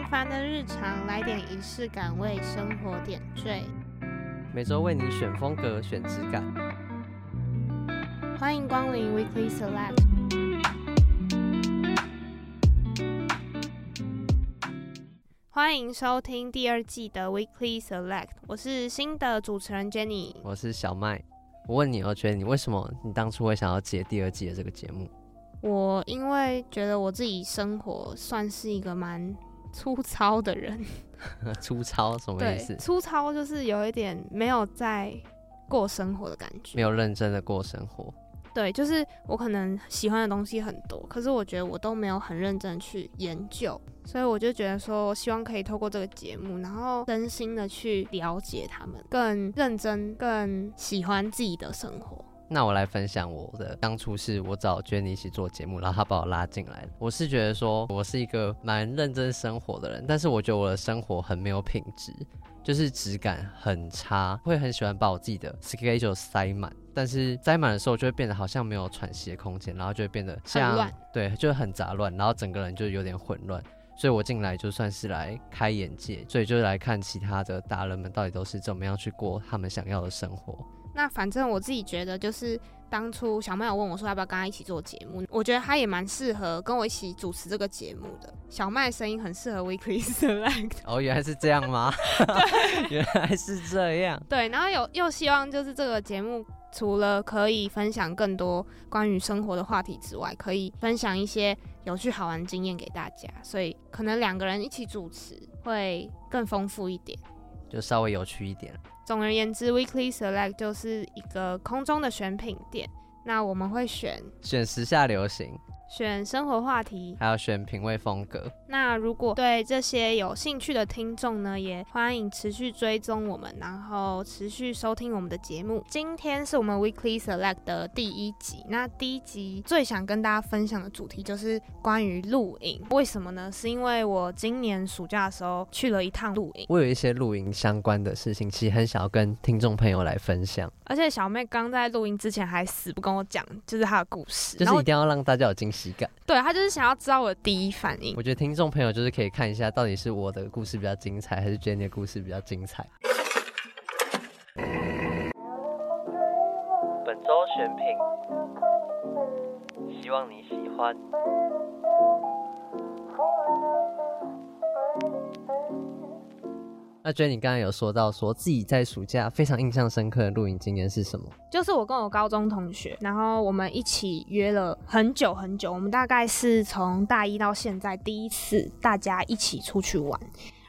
平凡的日常，來點儀式感，為生活點綴。每週為你選風格，選質感。歡迎光臨 Weekly Select。歡迎收聽第二季的 Weekly Select。我是新的主持人 Jenny，我是小麥。我問你，我覺得你為什麼你當初會想要接第二季的這個節目？我因為覺得我自己生活算是一個蠻粗糙的人 粗糙什麼意思？粗糙就是有一點沒有在過生活的感覺，沒有認真的過生活。對，就是我可能喜歡的東西很多，可是我覺得我都沒有很認真去研究，所以我就覺得說，我希望可以透過這個節目，然後真心的去了解他們，更認真、更喜歡自己的生活。那我來分享我的當初，是我找 Jenny 一起做節目，然後她把我拉進來。我是覺得說，我是一個蠻認真生活的人，但是我覺得我的生活很沒有品質，就是質感很差，會很喜歡把我自己的 schedule 塞滿，但是塞滿的時候就會變得好像沒有喘息的空間，然後就會變得像亂，對，就很雜亂，然後整個人就有點混亂。所以我進來就算是來開眼界，所以就是來看其他的達人們到底都是怎麼樣去過他們想要的生活。那反正我自己覺得，就是當初小麥有問我說要不要跟他一起做節目，我覺得他也蠻適合跟我一起主持這個節目的。小麥聲音很適合 Weekly Select。哦，原來是這樣嗎？ 對，原來是這樣。對，然後有又希望就是這個節目除了可以分享更多關於生活的話題之外，可以分享一些有趣好玩的經驗給大家，所以可能兩個人一起主持會更豐富一點。就稍微有趣一點。總而言之，Weekly Select 就是一個空中的選品店。那我們會選，選時下流行、選生活話題，還有選品味風格。那如果對這些有興趣的聽眾呢，也歡迎持續追蹤我們，然後持續收聽我們的節目。今天是我們 Weekly Select 的第一集。那第一集最想跟大家分享的主題就是關於露營。為什麼呢？是因為我今年暑假的時候去了一趟露營，我有一些露營相關的事情，其實很想要跟聽眾朋友來分享。而且小妹剛在錄音之前還死不跟我講，就是她的故事，就是一定要讓大家有驚喜。對，他就是想要知道我的第一反應。我覺得聽眾朋友就是可以看一下，到底是我的故事比較精彩，還是 Jenny 的故事比較精彩。本周選品，希望你喜歡。那覺得你剛剛有說到說自己在暑假非常印象深刻的露營經驗是什麼？就是我跟我高中同學，然後我們一起約了很久很久，我們大概是從大一到現在第一次大家一起出去玩，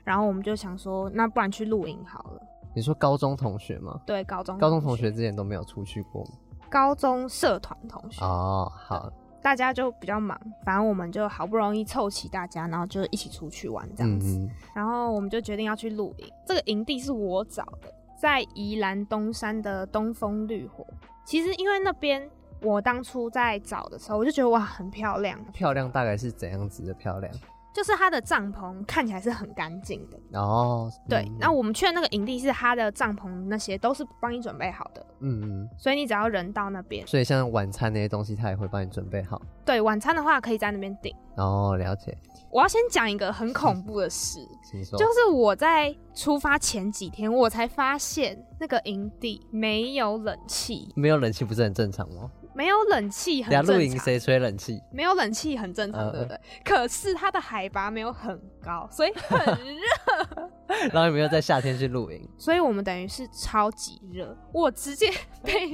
然後我們就想說，那不然去露營好了。你說高中同學嗎？對，高中。高中同學之前都沒有出去過嗎？高中社團同學哦學 Oh, 好。大家就比較忙，反正我們就好不容易湊齊大家，然後就一起出去玩這樣子。嗯嗯。然後我們就決定要去露營，這個營地是我找的，在宜蘭東山的東風綠火。其實因為那邊我當初在找的時候，我就覺得哇很漂亮，漂亮大概是怎樣子的漂亮？就是他的帳篷看起來是很乾淨的，哦。對，那我們去的那個營地是他的帳篷，那些都是幫你準備好的，嗯嗯，所以你只要人到那邊，所以像晚餐那些東西他也會幫你準備好，對，晚餐的話可以在那邊訂。哦，了解。我要先講一個很恐怖的事，是，請說。就是我在出發前幾天我才發現那個營地沒有冷氣，沒有冷氣不是很正常嗎？沒有冷氣，很正常。倆露營誰吹冷氣？沒有冷氣很正常，露營誰吹冷氣？沒有冷氣很正常，對不對、嗯？可是它的海拔沒有很高，所以很熱。 然後有沒有在夏天去露營，所以我們等於是超級熱，我直接被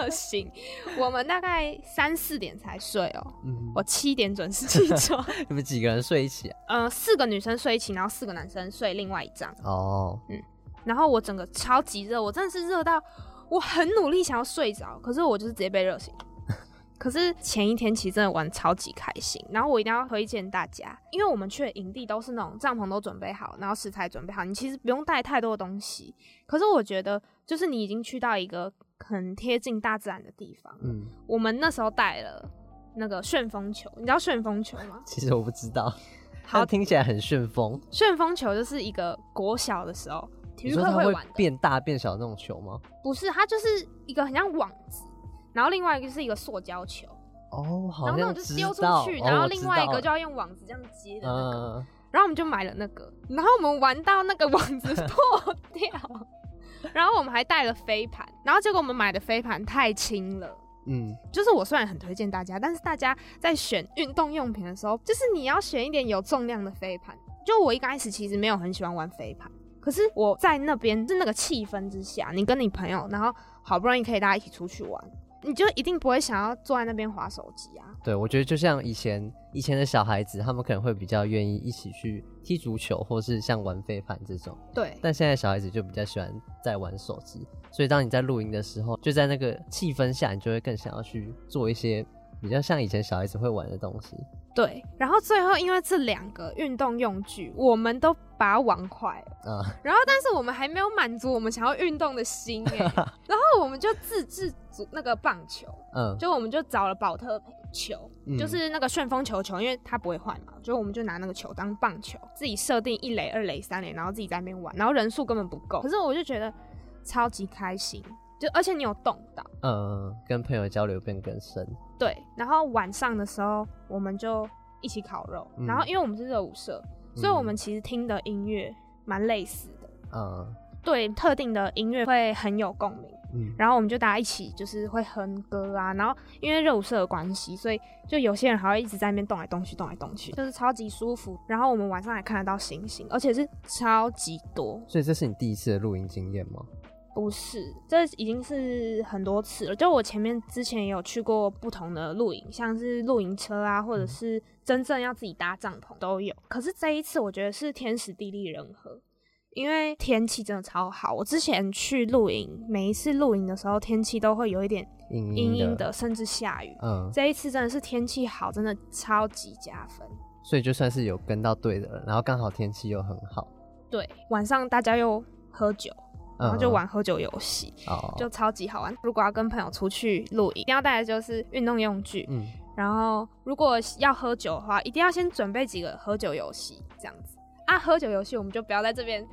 熱醒。 我們大概三四點才睡哦， 我七點準時起床。嗯、 你們幾個人睡一起？嗯、啊，四、呃、個女生睡一起，然後四個男生睡另外一張。哦，嗯，然後我整個超級熱，我真的是熱到。我很努力想要睡着，可是我就是直接被熱醒。 可是前一天其實真的玩超級開心，然後我一定要推薦大家，因為我們去的營地都是那種帳篷都準備好，然後食材準備好，你其實不用帶太多的東西。可是我覺得，就是你已經去到一個很貼近大自然的地方。嗯，我們那時候帶了那個旋風球，你知道旋風球嗎？其實我不知道，它聽起來很旋風。旋風球就是一個國小的時候。體育，你說它會變大變小的那種球嗎？不是，它就是一個很像網子，然後另外一個就是一個塑膠球。哦，好，然後那種就丟出去，哦，然後另外一個就要用網子這樣接的那個。然後我們就買了那個，然後我們玩到那個網子破掉， 然後我們還帶了飛盤，然後結果我們買的飛盤太輕了。嗯，就是我雖然很推薦大家，但是大家在選運動用品的時候，就是你要選一點有重量的飛盤。就我一開始其實沒有很喜歡玩飛盤。可是我在那邊，是那個氣氛之下，你跟你朋友，然後好不容易可以大家一起出去玩，你就一定不會想要坐在那邊滑手機啊。對，我覺得就像以前以前的小孩子，他們可能會比較願意一起去踢足球，或是像玩飛盤這種。對，但現在的小孩子就比較喜歡在玩手機，所以當你在露營的時候，就在那個氣氛下，你就會更想要去做一些。比較像以前小孩子會玩的東西。對，然後最後因為這兩個運動用具我們都把它玩壞了，嗯，然後但是我們還沒有滿足我們想要運動的心，欸、 然後我們就自制組那個棒球，嗯，就我們就找了寶特球，嗯，就是那個旋風球球，因為它不會壞嘛，所以我們就拿那個球當棒球，自己設定一壘、二壘、三壘，然後自己在那邊玩，然後人數根本不夠，可是我就覺得超級開心。就而且你有動到，嗯，跟朋友交流變更深。對，然後晚上的時候我們就一起烤肉，嗯、然後因為我們是熱舞社、嗯，所以我們其實聽的音樂蠻類似的。嗯，對，特定的音樂會很有共鳴。嗯，然後我們就大家一起就是會哼歌啊，然後因為熱舞社的關係，所以就有些人還會一直在那邊動來動去，動來動去，就是超級舒服。然後我們晚上還看得到星星，而且是超級多。所以這是你第一次的露營經驗嗎？不是，這已經是很多次了。就我前面之前也有去過不同的露營，像是露營車啊，或者是真正要自己搭帳篷都有。可是這一次我覺得是天時地利人和，因為天氣真的超好。我之前去露營，每一次露營的時候天氣都會有一點陰陰的，甚至下雨。嗯，這一次真的是天氣好，真的超級加分。所以就算是有跟到對的人，然後剛好天氣又很好，對，晚上大家又喝酒。然後就玩喝酒遊戲，Uh-huh. Oh. 就超級好玩。如果要跟朋友出去露營，一定要帶的就是運動用具。嗯，然後如果要喝酒的話，一定要先準備幾個喝酒遊戲，這樣子啊。喝酒遊戲我們就不要在這邊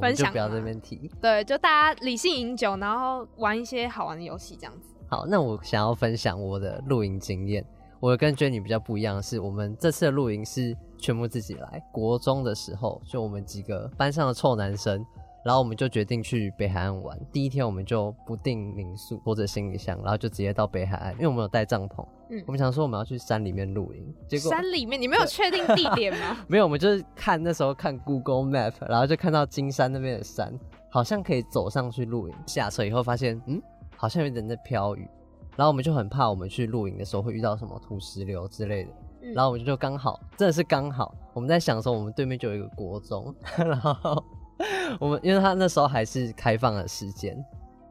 分享好，就不要在這邊提。對，就大家理性飲酒，然後玩一些好玩的遊戲，這樣子。好，那我想要分享我的露營經驗。我跟 Jenny 比較不一樣的是，我們這次的露營是全部自己來。國中的時候，就我們幾個班上的臭男生，然後我們就決定去北海岸玩。第一天我們就不訂民宿，或者行李箱，然後就直接到北海岸，因為我們有帶帳篷。嗯，我們想說我們要去山裡面露營。結果山裡面你沒有確定地點嗎？ 沒有，我們就是看那時候看 Google Map，然後就看到金山那邊的山好像可以走上去露營。下車以後發現，嗯，好像有點在飄雨。然後我們就很怕，我們去露營的時候會遇到什麼土石流之類的，嗯。然後我們就剛好，真的是剛好，我們在想的時候，我們對面就有一個國中，然後。 我們因為他那時候還是開放的時間，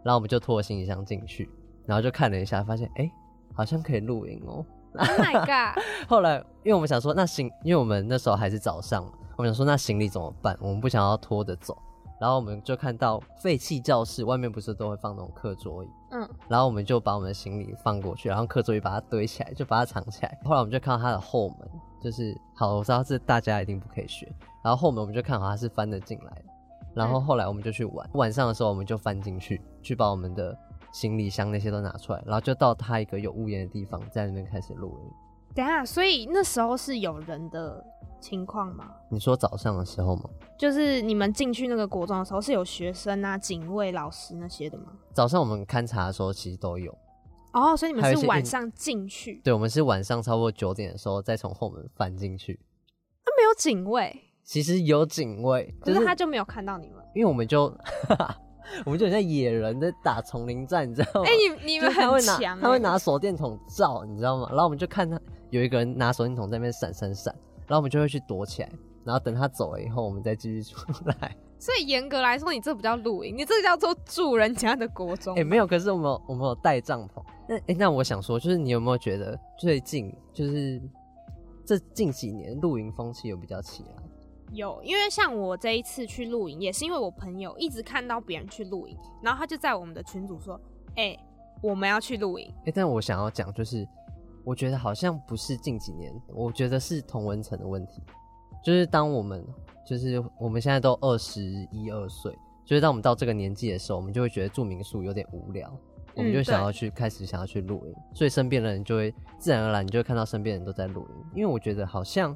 然後我們就拖行李箱進去，然後就看了一下，發現哎、欸，好像可以露營哦、喔。My God！後來因為我們想說，那行，因為我們那時候還是早上嘛，我們想說那行李怎麼辦？我們不想要拖着走。然後我們就看到廢棄教室外面不是都會放那種課桌椅，嗯，然後我們就把我們的行李放過去，然後課桌椅把它堆起來，就把它藏起來。後來我們就看到他的後門，就是好，我知道這大家一定不可以學。然後後門我們就看好他是翻着進來的。然後後來我們就去玩，晚上的時候我們就翻進去，去把我們的行李箱那些都拿出來，然後就到他一個有屋檐的地方，在那邊開始錄音。等下，所以那時候是有人的情況嗎？你說早上的時候嗎？就是你們進去那個國中的時候是有學生啊、警衛、老師那些的嗎？早上我們勘察的時候其實都有。哦、oh，所以你們是晚上進去？對，我們是晚上差不多九點的時候再從後門翻進去。那沒有警衛？其實有警衛、就是，可是他就沒有看到你們，因為我們就，呵呵我們就很像野人在打叢林戰，你知道嗎？哎、欸，你你們很、欸就是、會拿，他會拿手電筒照，你知道嗎？然後我們就看他有一個人拿手電筒在那邊閃閃閃，然後我們就會去躲起來，然後等他走了以後，我們再繼續出來。所以嚴格來說，你這不叫露營，你這叫做住人家的國中。哎、欸，沒有，可是我們有我們有帶帳篷。那哎、欸，那我想說，就是你有沒有覺得最近就是這近幾年露營風氣有比較起來？有，因為像我這一次去露營，也是因為我朋友一直看到別人去露營，然後他就在我們的群組說：“哎、欸，我們要去露營。欸”哎，但我想要講就是，我覺得好像不是近幾年，我覺得是同溫層的問題，就是當我們就是我們現在都二十一二歲，就是當我們到這個年紀的時候，我們就會覺得住民宿有點無聊，嗯、我們就想要去開始想要去露營，所以身邊的人就會自然而然，你就會看到身邊人都在露營，因為我覺得好像。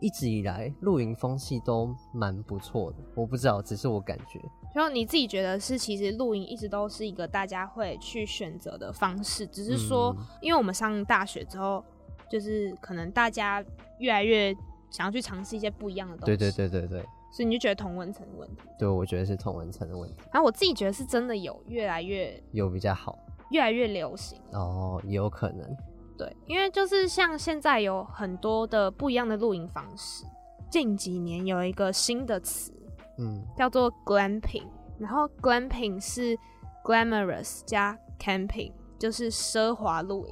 一直以來露營風氣都蠻不錯的，我不知道，只是我感覺。然後你自己覺得是，其實露營一直都是一個大家會去選擇的方式，只是說，嗯、因為我們上大學之後，就是可能大家越來越想要去嘗試一些不一樣的東西。對對對對對，對。所以你就覺得同溫層的問題？對，我覺得是同溫層的問題。然後我自己覺得是真的有越來越有比較好，越來越流行。哦，有可能。對，因為就是像現在有很多的不一樣的露營方式，近幾年有一個新的詞，嗯，叫做 glamping，然後 glamping 是 glamorous 加 camping，就是奢華露營，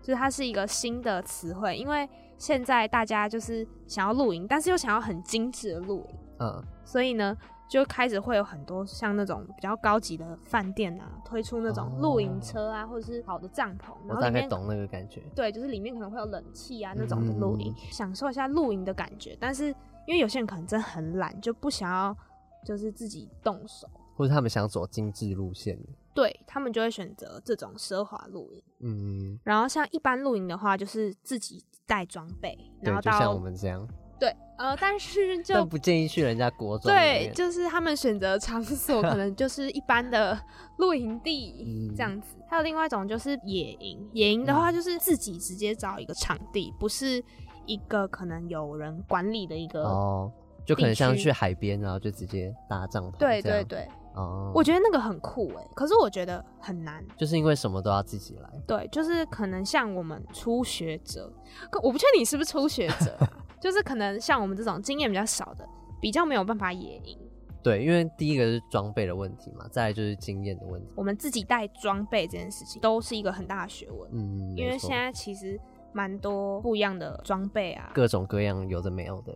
就是，它是一個新的詞彙，因為現在大家就是想要露營，但是又想要很精緻的露營，嗯，所以呢。就開始會有很多像那種比較高級的飯店啊，推出那種露營車啊，或者是好的帳篷。然後，我大概懂那個感覺。對，就是裡面可能會有冷氣啊那種的露營，嗯嗯嗯，享受一下露營的感覺。但是因為有些人可能真的很懶，就不想要就是自己動手，或者他們想走精緻路線，對，他們就會選擇這種奢華露營。嗯，嗯，然後像一般露營的話，就是自己帶裝備，然後到就像我們這樣。對，呃，但是就但不建議去人家國中。對，就是他們選擇場所可能就是一般的露營地這樣子、 嗯。還有另外一種就是野營，野營的話就是自己直接找一個場地，嗯、不是一個可能有人管理的一個哦，oh, 就可能像去海邊，然後就直接搭帳篷。對對對，哦、oh，我覺得那個很酷哎，可是我覺得很難，就是因為什麼都要自己來。對，就是可能像我們初學者，可我不確定你是不是初學者，啊。 就是可能像我們這種經驗比較少的，比較沒有辦法野營。對，因為第一個是裝備的問題嘛，再來就是經驗的問題。我們自己帶裝備這件事情，都是一個很大的學問。嗯嗯，因為現在其實蠻多不一樣的裝備啊，各種各樣，有的沒有的。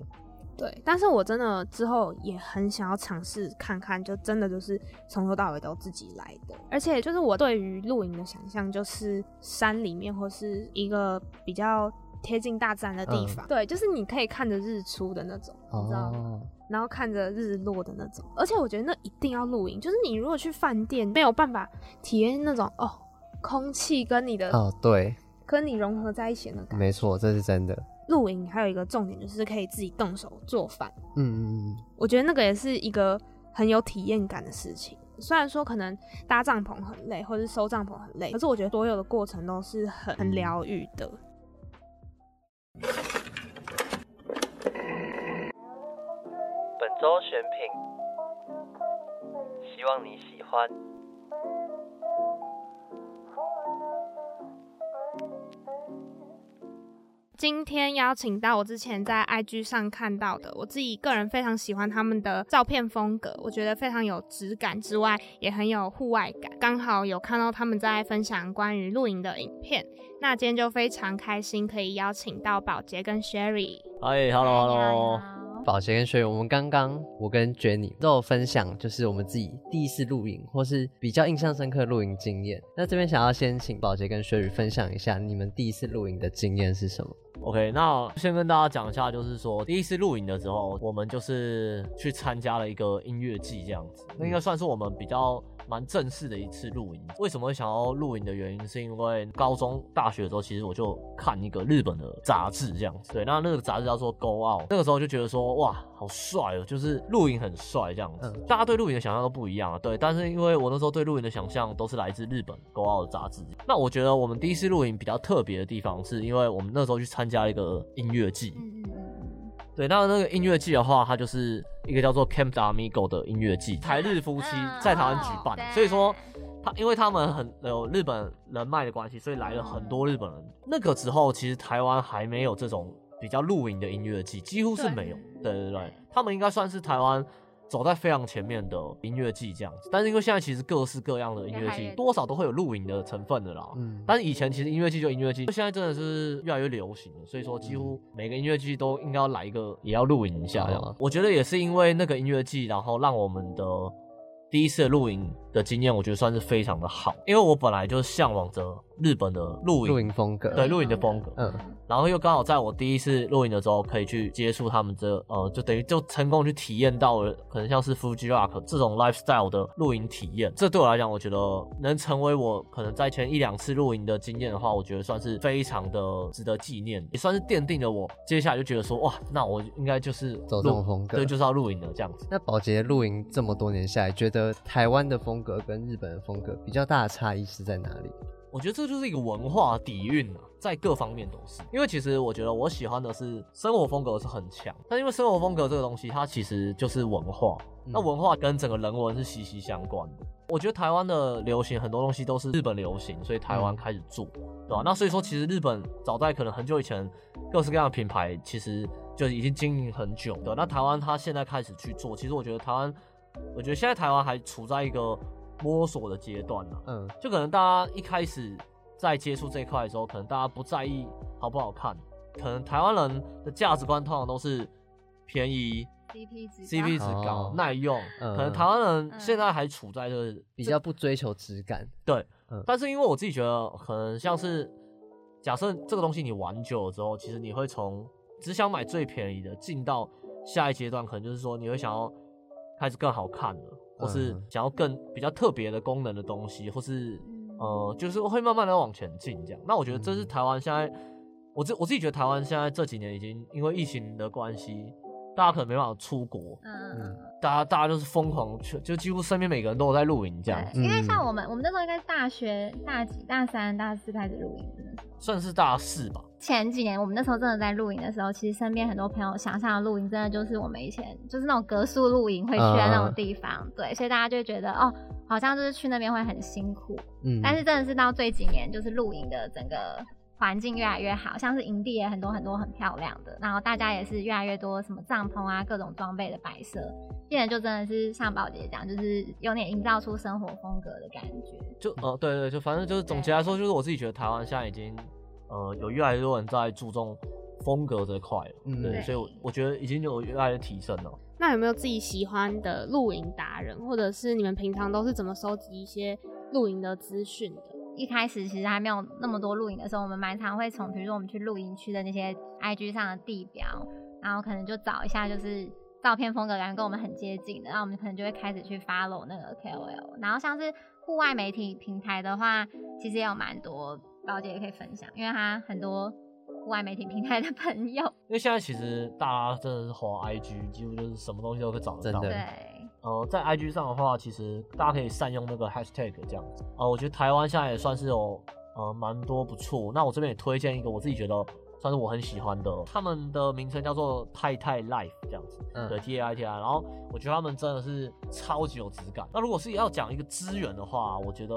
對，但是我真的之後也很想要嘗試看看，就真的就是從頭到尾都自己來的。而且就是我對於露營的想象，就是山裡面或是一個比較貼近大自然的地方，嗯，對，就是你可以看着日出的那種，哦，你知道，然後看着日落的那種。而且我覺得那一定要露營，就是你如果去飯店，沒有辦法體驗那種哦，空氣跟你的哦，對，跟你融合在一起的感覺。沒錯，這是真的。露營還有一個重點就是可以自己動手做飯。嗯嗯嗯。我覺得那個也是一個很有體驗感的事情。雖然說可能搭帳篷很累，或者是收帳篷很累，可是我覺得所有的過程都是很很療癒的。嗯本週選品，希望你喜歡。今天邀請到我之前在 IG 上看到的，我自己個人非常喜歡他們的照片風格，我覺得非常有質感之外，也很有戶外感。剛好有看到他們在分享關於露營的影片，那今天就非常開心可以邀請到寶杰跟 Sherry。Hi，Hello，Hello。寶杰跟 Sherry，我們剛剛我跟 Jenny 都分享，就是我們自己第一次露營或是比較印象深刻的露營經驗。那這邊想要先請寶杰跟 Sherry 分享一下你們第一次露營的經驗是什麼？OK，那先跟大家講一下，就是說第一次露營的時候，我們就是去參加了一個音樂祭這樣子，那應該算是我們比較。蠻正式的一次露營。為什麼會想要露營的原因，是因為高中、大學的時候，其實我就看一個日本的雜誌，這樣子。對，那那個雜誌叫做《Go Out》，那個時候就覺得說，哇，好帥哦，就是露營很帥這樣子。嗯。大家對露營的想象都不一樣啊，對。但是因為我那時候對露營的想象都是來自日本《Go Out》的雜誌。那我覺得我們第一次露營比較特別的地方，是因為我們那時候去參加一個音樂祭。對，那那個音樂祭的話，它就是一個叫做 Camp de Amigo 的音樂祭，台日夫妻在台灣舉辦，所以說他因為他們很有日本人脈的關係，所以來了很多日本人。那個時候其實台灣還沒有這種比較露營的音樂祭，幾乎是沒有，對，對對對，他們應該算是台灣。走在非常前面的音樂季這樣子，但是因為現在其實各式各樣的音樂季，多少都會有錄影的成分的啦。嗯，但是以前其實音樂季就音樂季，現在真的是越來越流行了，所以說幾乎每個音樂季都應該要來一個也要錄影一下這樣，嗯，我覺得也是因為那個音樂季，然後讓我們的第一次錄影的經驗我覺得算是非常的好，因為我本來就向往着日本的露營，露營風格，對露營的風格，嗯，嗯然後又剛好在我第一次露營的時候可以去接觸他們這呃，就等於就成功去體驗到了可能像是 Fuji Rock 這種 lifestyle 的露營體驗，這對我來講，我覺得能成為我可能在前一兩次露營的經驗的話，我覺得算是非常的值得紀念，也算是奠定了我接下來就覺得說哇，那我應該就是走這種風格，對，就是要露營的這樣子。那寶潔露營這麼多年下來，覺得台灣的風。格跟日本的風格比較大的差異是在哪裡？我覺得這就是一個文化底蘊啊，在各方面都是。因為其實我覺得我喜歡的是生活風格是很強，但因為生活風格這個東西，它其實就是文化，嗯，那文化跟整個人文是息息相關的。我覺得台灣的流行很多東西都是日本流行，所以台灣開始做，嗯，對吧，啊？那所以說，其實日本早在可能很久以前，各式各樣的品牌其實就已經經營很久。對，那台灣它現在開始去做，其實我覺得台灣，我覺得現在台灣還處在一個。摸索的階段呢、啊？嗯，就可能大家一開始在接觸這一塊的時候，可能大家不在意好不好看。可能台灣人的價值觀通常都是便宜，CP 值高，哦，耐用。嗯，可能台灣人現在還是處在就是這比較不追求質感。對，嗯，但是因為我自己覺得，可能像是假設這個東西你玩久了之後，其實你會從只想買最便宜的，進到下一階段，可能就是說你會想要開始更好看了。或是想要更比較特別的功能的東西，嗯、或是呃，就是會慢慢的往前進這樣。那我覺得這是台灣現在，我自我自己覺得台灣現在這幾年已經因為疫情的關係，大家可能沒辦法出國，嗯嗯，大家大家就是瘋狂去，就幾乎身邊每個人都有在露營這樣。因為像我們，我們那時候應該是大學大幾？大三、大四開始露營。算是大四吧。前幾年我們那時候真的在露營的時候，其實身邊很多朋友想象露營真的就是我們以前就是那種隔宿露營會去的那種地方，啊、對，所以大家就會覺得哦，好像就是去那邊會很辛苦，嗯。但是真的是到這幾年，就是露營的整個環境越來越好，像是營地也很多很多很漂亮的，然後大家也是越來越多什麼帳篷啊各種裝備的擺設，變得就真的是像寶姐講，就是有點營造出生活風格的感覺。就哦，對,對對，就反正就是總結來說，就是我自己覺得台灣現在已經。呃，有越來越多人在注重風格這塊，嗯，對，所以我覺得已經有越來越提升了。那有沒有自己喜歡的露營達人，或者是你們平常都是怎麼收集一些露營的資訊的？一開始其實還沒有那麼多露營的時候，我們蠻常會從，比如說我們去露營區的那些 IG 上的地標，然後可能就找一下就是照片風格，感覺跟我們很接近的，然後我們可能就會開始去 follow 那個 KOL。然後像是戶外媒體平台的話，其實也有蠻多。包姐，也可以分享，因為她很多戶外媒體平台的朋友。因為現在其實大家真的是滑 IG 幾乎就是什麼東西都可以找得到。對，呃，在 IG 上的話，其實大家可以善用那個 hashtag 這樣子。呃，我覺得台灣現在也算是有呃蠻多不錯。那我這邊也推薦一個我自己覺得算是我很喜歡的，他們的名稱叫做太太 Life 這樣子。的、嗯、對，T A I T I。然後我覺得他們真的是超級有質感。那如果是要講一個資源的話，我覺得。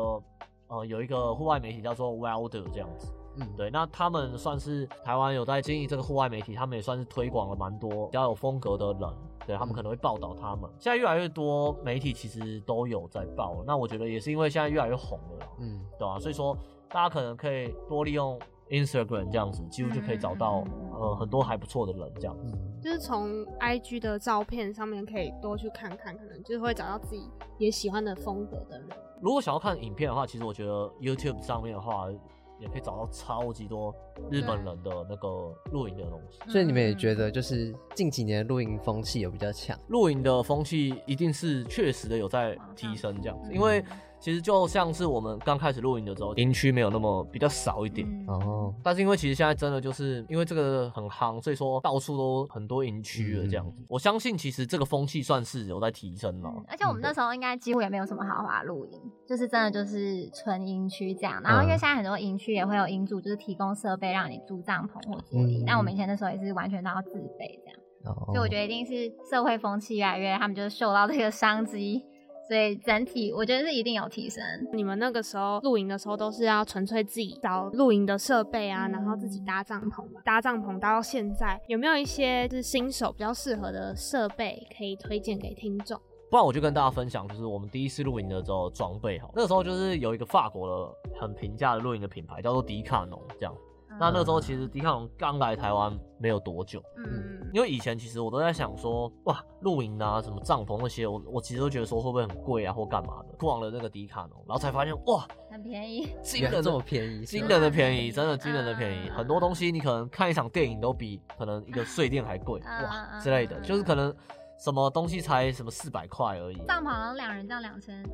呃、嗯，有一個戶外媒體叫做 Wilder 這樣子，嗯，對，那他們算是台灣有在經營這個戶外媒體，他們也算是推廣了蠻多比較有風格的人，對，他們可能會報道他們、嗯。現在越來越多媒體其實都有在報了，那我覺得也是因為現在越來越紅了，嗯，對吧，啊？所以說大家可能可以多利用。Instagram 這樣子，幾乎就可以找到、嗯、呃很多還不錯的人，這樣子。就是從 IG 的照片上面可以多去看看，可能就是會找到自己也喜歡的風格的人。如果想要看影片的話，其實我覺得 YouTube 上面的話，嗯、也可以找到超級多日本人的那個露營的東西。所以你們也覺得，就是近幾年露營風氣有比較強？露營的風氣一定是確實的有在提升這樣子，嗯、因為。其實就像是我們剛開始露營的時候，營區沒有那麼比較少一點哦、嗯。但是因為其實現在真的就是因為這個很夯，所以說到處都很多營區了這樣子、嗯。我相信其實這個風氣算是有在提升了。而且我們那時候應該幾乎也沒有什麼豪華露營，就是真的就是純營區這樣。然後因為現在很多營區也會有營主就是提供設備讓你租帳篷或坐椅、嗯嗯。但我們以前那時候也是完全都要自備這樣嗯嗯。所以我覺得一定是社會風氣越來越，他們就是受到這個商機。所以整體，我覺得是一定有提升。你們那個時候露營的時候，都是要純粹自己找露營的設備啊，然後自己搭帳篷。搭帳篷搭到現在，有沒有一些是新手比較適合的設備可以推薦給聽眾？不然我就跟大家分享，就是我們第一次露營的時候的裝備哈，那個時候就是有一個法國的很平價的露營的品牌，叫做迪卡儂這樣。那那時候其實迪卡儂剛來台灣沒有多久，嗯，因為以前其實我都在想說，哇，露營啊，什麼帳篷那些，我我其實都覺得說會不會很貴啊或幹嘛的。逛了那個迪卡儂，然後才發現，哇，很便宜，驚人，這麼便宜，驚人的便宜，真的驚人的便宜、嗯，很多東西你可能看一場電影都比可能一個睡墊還貴、嗯，哇、嗯，之類的，嗯、就是可能。什麼東西才什麼四百塊而已，帳篷兩人帳兩千，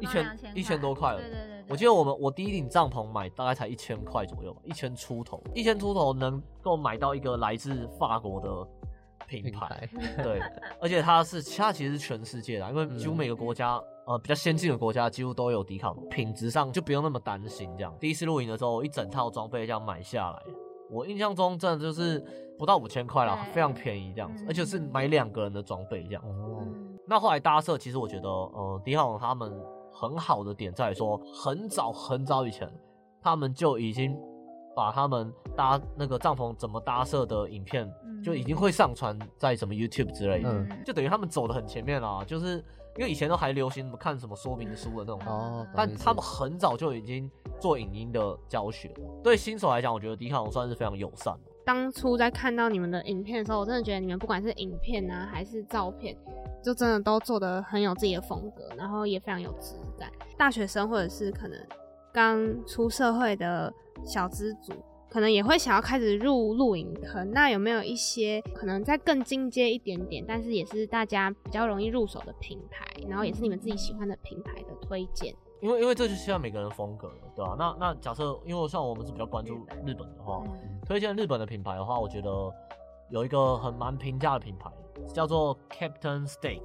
一千一千多塊了對對對，對，我記得我們我第一頂帳篷買大概才一千塊左右吧，一千出頭，一千出頭能夠買到一個來自法國的品牌，品牌對， 而且它是它其實是全世界的，因為幾乎每個國家、嗯、呃比較先進的國家幾乎都有迪卡儂，品質上就不用那麼擔心。這樣第一次露營的時候，一整套裝備這樣買下來。我印象中真的就是不到五千塊了，非常便宜這樣子，而且是買兩個人的裝備這樣。哦、嗯。那後來搭設，其實我覺得，呃，迪浩他們很好的點在於說，很早很早以前，他們就已經把他們搭那個帳篷怎麼搭設的影片，就已經會上傳在什麼 YouTube 之類的，嗯、就等於他們走得很前面了，就是。因為以前都還流行什麼看什麼說明書的那種，但他們很早就已經做影音的教學了。對新手來講，我覺得迪卡儂算是非常友善的。當初在看到你們的影片的時候，我真的覺得你們不管是影片啊，還是照片，就真的都做得很有自己的風格，然後也非常有質感。大學生或者是可能剛出社會的小資族。可能也會想要開始入露營坑，那有沒有一些可能再更進階一點點，但是也是大家比較容易入手的品牌，然後也是你們自己喜歡的品牌的推薦？因為因為這就需要每個人的風格了，對吧、啊？那那假設，因為像我們是比較關注日本的話，推薦日本的品牌的話，我覺得有一個很蠻平價的品牌叫做 Captain Stag，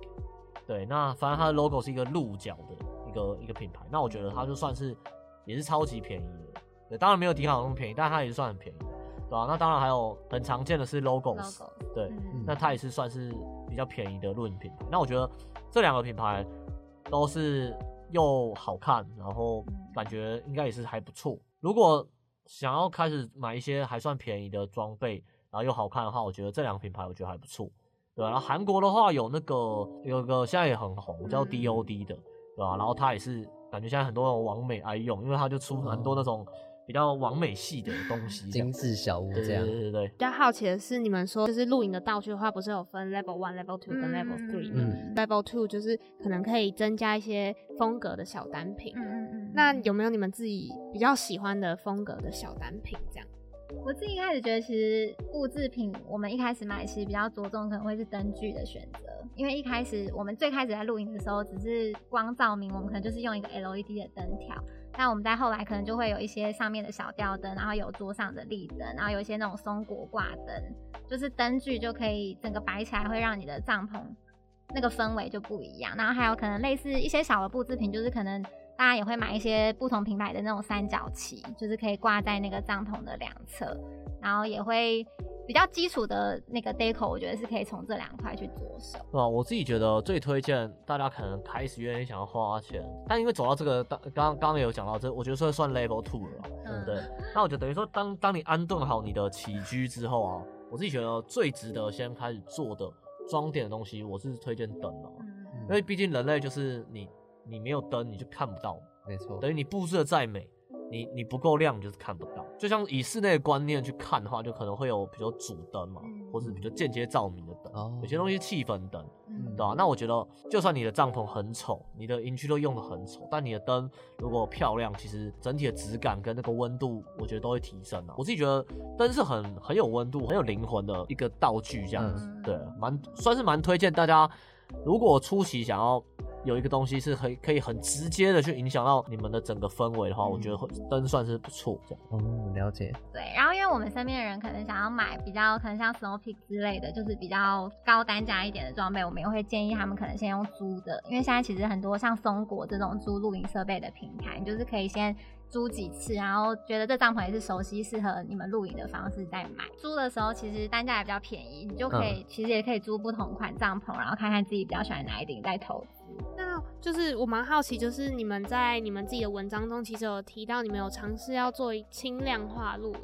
對，那反正它的 logo 是一個鹿角的一個一個品牌，那我覺得它就算是也是超級便宜的。對，當然沒有迪卡儂便宜，但它也是算很便宜的，對吧、啊？那當然還有很常見的是 Logos，Logo，對、嗯，那它也是算是比較便宜的露營品牌。那我覺得這兩個品牌都是又好看，然後感覺應該也是還不錯。如果想要開始買一些還算便宜的裝備，然後又好看的話，我覺得這兩個品牌我覺得還不錯，對吧、啊？然後韓國的話有那個有一個現在也很紅叫 DOD 的，對吧、啊？然後它也是感覺現在很多那種網美愛用，因為它就出很多那種、嗯。那種比較完美系的東西，精緻小屋這樣。對對對。比較好奇的是，你們說就是露營的道具的話，不是有分 level one、嗯嗯、level two 跟 level three 嗎？level two 就是可能可以增加一些風格的小單品。嗯嗯嗯。那有沒有你們自己比較喜歡的風格的小單品？這樣、嗯。我自己一開始覺得，其實物質品我們一開始買，其實比較着重可能會是燈具的選擇，因為一開始我們最開始在露營的時候，只是光照明，我們可能就是用一個 LED 的燈條。那我們在後來可能就會有一些上面的小吊燈，然後有桌上的立燈，然後有一些那種松果掛燈，就是燈具就可以整個擺起來，會讓你的帳篷那個氛圍就不一樣。然後還有可能類似一些小的布置品，就是可能。大家也會買一些不同品牌的那種三角旗，就是可以掛在那個帳篷的兩側，然後也會比較基礎的那個 deco 我覺得是可以從這兩塊去着手，對吧、啊？我自己覺得最推薦大家可能開始願意想要花錢，但因為走到這個，剛剛剛有講到這個，我覺得算算 level two 了，對、嗯、不對？那我就等於說當，當當你安頓好你的起居之後啊，我自己覺得最值得先開始做的裝點的東西，我是推薦燈。的、嗯，因為畢竟人類就是你。你沒有燈，你就看不到。沒錯，等於你佈置的再美，你你不夠亮你就是看不到。就像以室內的觀念去看的話，就可能會有比較主燈嘛，或是比較間接照明的燈，哦，有些東西氣氛燈，嗯嗯，對吧、啊？那我覺得，就算你的帳篷很醜，你的營區都用的很醜，但你的燈如果漂亮，其實整體的質感跟那個溫度，我覺得都會提升，啊，我自己覺得燈是很很有溫度、很有靈魂的一個道具，這樣子。嗯，對，蠻算是蠻推薦大家，如果初期想要。有一個東西是可以可以很直接的去影響到你們的整個氛圍的話、嗯，我覺得燈算是不錯。嗯，了解。對，然後因為我們身邊的人可能想要買比較可能像 Snow Peak 之類的，就是比較高單價一點的裝備，我們也會建議他們可能先用租的，因為現在其實很多像松果這種租露營設備的平台，你就是可以先租幾次，然後覺得這帳篷也是熟悉適合你們露營的方式再買。租的時候其實單價也比較便宜，你就可以、嗯、其實也可以租不同款帳篷，然後看看自己比較喜歡哪一頂帶頭。那就是我蠻好奇，就是你們在你們自己的文章中，其實有提到你們有嘗試要做一輕量化露營，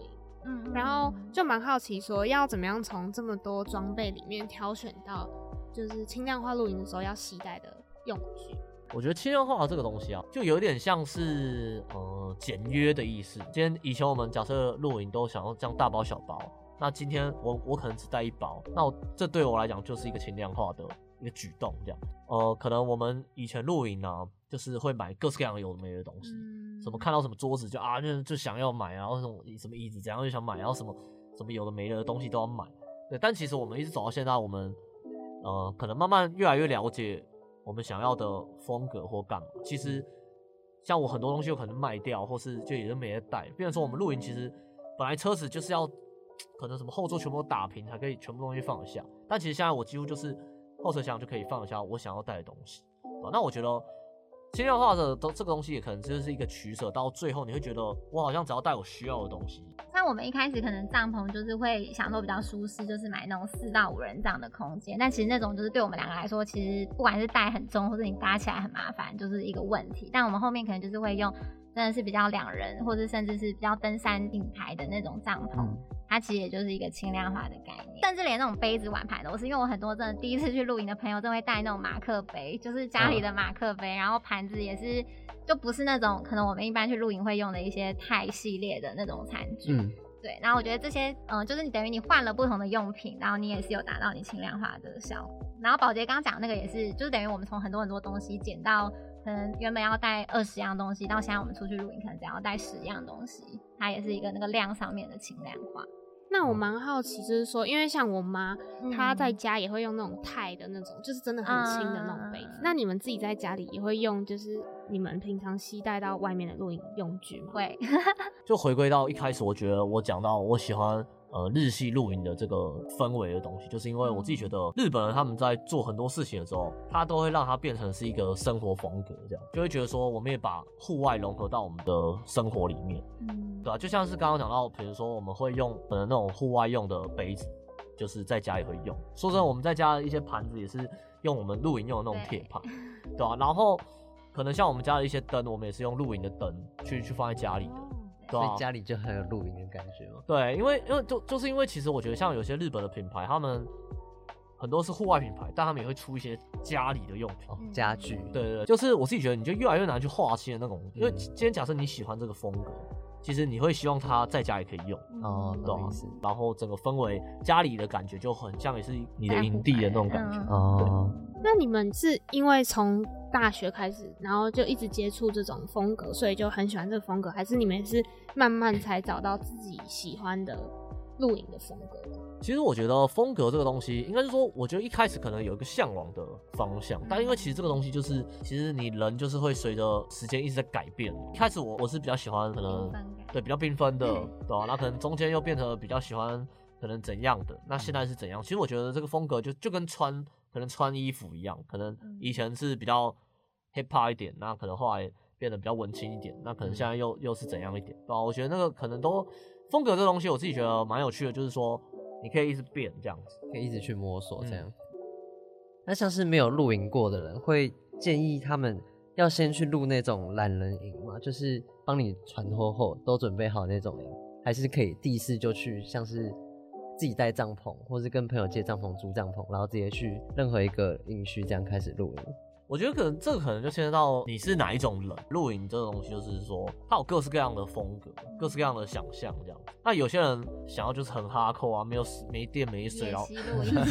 嗯，然後就蠻好奇說要怎麼樣從這麼多裝備裡面挑選到，就是輕量化露營的時候要攜帶的用具。我覺得輕量化這個東西啊，就有點像是呃簡約的意思。今天以前我們假設露營都想要這樣大包小包，那今天我我可能只帶一包，那我這對我來講就是一個輕量化的。一個舉動這樣，呃，可能我們以前露營呢、啊，就是會買各式各樣的有的沒的東西，什麼看到什麼桌子就啊，就就想要買啊，然後什麼椅子怎樣就想買，然後什麼什麼有的沒的東西都要買。對，但其實我們一直走到現在，我們呃，可能慢慢越來越了解我們想要的風格或幹嘛。其實像我很多東西有可能賣掉，或是就有人沒在帶。比如說我們露營，其實本來車子就是要可能什麼後座全部都打平才可以全部東西放得下，但其實現在我幾乎就是。後車廂就可以放一下我想要帶的東西，那我覺得輕量化這都這個東西也可能就是一個取捨，到最後你會覺得我好像只要帶我需要的東西。像我們一開始可能帳篷就是會想說比較舒適，就是買那種四到五人帳的空間，但其實那種就是對我們兩個來說，其實不管是帶很重，或者你搭起來很麻煩，就是一個問題。但我們後面可能就是會用真的是比較兩人，或者甚至是比較登山頂台的那種帳篷。嗯它其實也就是一個輕量化的概念，甚至連那種杯子碗盤的，我是因為我很多真的第一次去露營的朋友都會帶那種馬克杯，就是家裡的馬克杯，啊、然後盤子也是就不是那種可能我們一般去露營會用的一些鈦系列的那種餐具，嗯、對，然後我覺得這些嗯、呃、就是你等於你換了不同的用品，然後你也是有達到你輕量化的效果。然後保潔剛剛講那個也是就是等於我們從很多很多東西減到可能原本要帶二十樣東西，到現在我們出去露營可能只要帶十樣東西，它也是一個那個量上面的輕量化。那我蠻好奇，就是說，因為像我媽，她在家也會用那種鈦的那種、嗯，就是真的很輕的那種杯子啊。那你們自己在家裡也會用，就是你們平常攜帶到外面的露營用具嗎？會。 就回歸到一開始，我覺得我講到我喜歡。呃，日系露營的這個氛圍的東西，就是因為我自己覺得日本人他們在做很多事情的時候，他都會讓它變成是一個生活風格這樣，就會覺得說我們也把戶外融合到我們的生活裡面，嗯，對啊。就像是剛剛講到，比如說我們會用可能那種戶外用的杯子，就是在家也會用。說真的，我們在家的一些盤子也是用我們露營用的那種鐵盤，對啊。然後可能像我們家的一些燈，我們也是用露營的燈去去放在家裡的。所以家裡就很有露營的感覺嗎？對，因為因為就就是因為其實我覺得像有些日本的品牌，他們很多是戶外品牌，但他們也會出一些家裡的用品，哦、家具。對，對對，就是我自己覺得，你就越來越難去劃清的那種、嗯。因為今天假設你喜歡這個風格。其實你會希望他在家也可以用，嗯，意思。然後整個氛圍家裡的感覺就很像也是你的營地的那種感覺哦。那你們是因為從大學開始，然後就一直接觸這種風格，所以就很喜歡這個風格，還是你們是慢慢才找到自己喜歡的？露營的風格，其實我覺得風格這個東西，應該是說，我覺得一開始可能有一個嚮往的方向、嗯，但因為其實這個東西就是，其實你人就是會隨着時間一直在改變。一開始我我是比較喜歡可能對比較繽紛的，對吧、嗯啊？那可能中間又變得比較喜歡可能怎樣的，那現在是怎樣？其實我覺得這個風格就就跟穿可能穿衣服一樣，可能以前是比較 hip hop 一點，那可能後來變得比較文青一點，那可能現在又又是怎樣一點？嗯、對吧、啊？我覺得那個可能都。風格這東西，我自己覺得蠻有趣的，就是說你可以一直變這樣子，可以一直去摸索這樣。嗯、那像是沒有露營過的人，會建議他們要先去露那種懶人營嗎？就是幫你傳托後都準備好那種營，還是可以第一次就去，像是自己帶帳篷，或是跟朋友借帳篷、租帳篷，然後直接去任何一個營區這樣開始露營。我覺得可能這個可能就牽扯到你是哪一種人。露營這個東西就是說，它有各式各樣的風格，各式各樣的想象這樣。那有些人想要就是很哈扣啊，沒有沒電沒水，啊，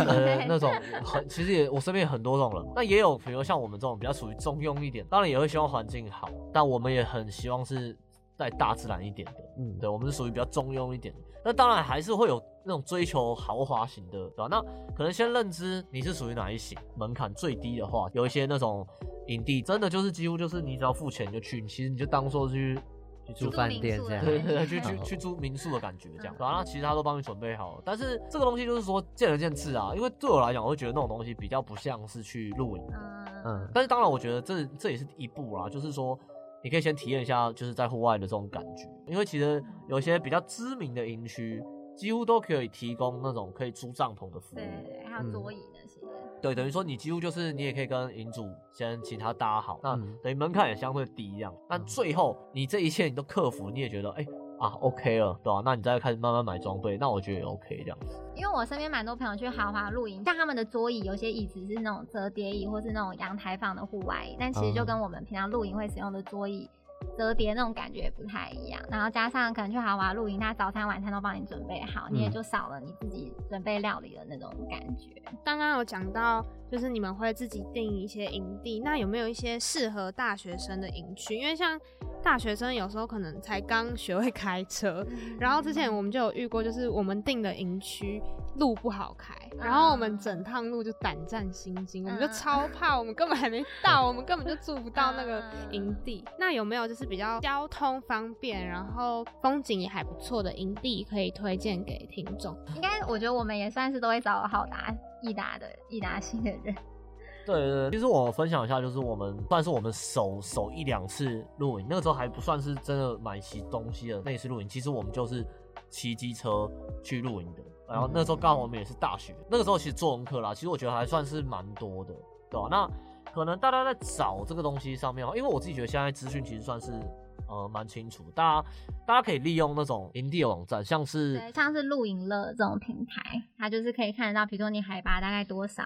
呃 那種很。其實也我身邊很多這種人，那也有比如像我們這種比較屬於中庸一點，當然也會希望環境好，但我們也很希望是在大自然一點的。嗯，對，我們是屬於比較中庸一點的。那當然還是會有那種追求豪華型的，對吧、啊？那可能先認知你是屬於哪一型。門檻最低的話，有一些那種營地，真的就是幾乎就是你只要付錢就去，你其實你就當做去去住飯店這樣，對對對，對對對，去去去住民宿的感覺這樣，對吧、啊？那其實他都幫你準備好了。但是這個東西就是說見仁見智啊，因為對我來講，我會覺得那種東西比較不像是去露營的。嗯。但是當然，我覺得這這也是一步啦，就是說。你可以先體驗一下，就是在戶外的這種感覺，因為其實有些比較知名的營區，幾乎都可以提供那種可以租帳篷的服務、嗯，對，還有桌椅那些。對，等於說你幾乎就是你也可以跟營主先請他搭好，那等於門檻也相對低一樣。但最後你這一切你都克服，你也覺得哎。啊，OK 了，對吧，啊？那你再開始慢慢買裝備，那我覺得也 OK 這樣子。因為我身邊蠻多朋友去豪華露營，像他們的桌椅，有些椅子是那種摺疊椅，或是那種陽台放的戶外椅，但其實就跟我們平常露營會使用的桌椅摺疊那種感覺也不太一樣。然後加上可能去豪華露營，他早餐晚餐都幫你準備好，你也就少了你自己準備料理的那種感覺。剛、嗯、剛有講到。就是你們會自己訂一些營地，那有沒有一些適合大學生的營區？因為像大學生有時候可能才剛學會開車、嗯，然後之前我們就有遇過，就是我們訂的營區路不好開、嗯，然後我們整趟路就膽戰心驚、嗯，我們就超怕，我們根本還沒到、嗯，我們根本就住不到那個營地、嗯。那有沒有就是比較交通方便，然後風景也還不錯的營地可以推薦給聽眾？應該我覺得我們也算是都會找好達易達的易達星人。 對，對對，其實我分享一下，就是我們算是我們首首一兩次露營，那個時候還不算是真的買齊東西的那一次露營，其實我們就是騎機車去露營的。然後那個時候剛好我們也是大學， 那個時候其實做功課啦，其實我覺得還算是蠻多的，對、啊、那可能大家在找這個東西上面，因為我自己覺得現在資訊其實算是呃、蠻清楚，大家大家可以利用那種營地的網站，像是像是露營樂這種平台，它就是可以看得到，比如說你海拔大概多少。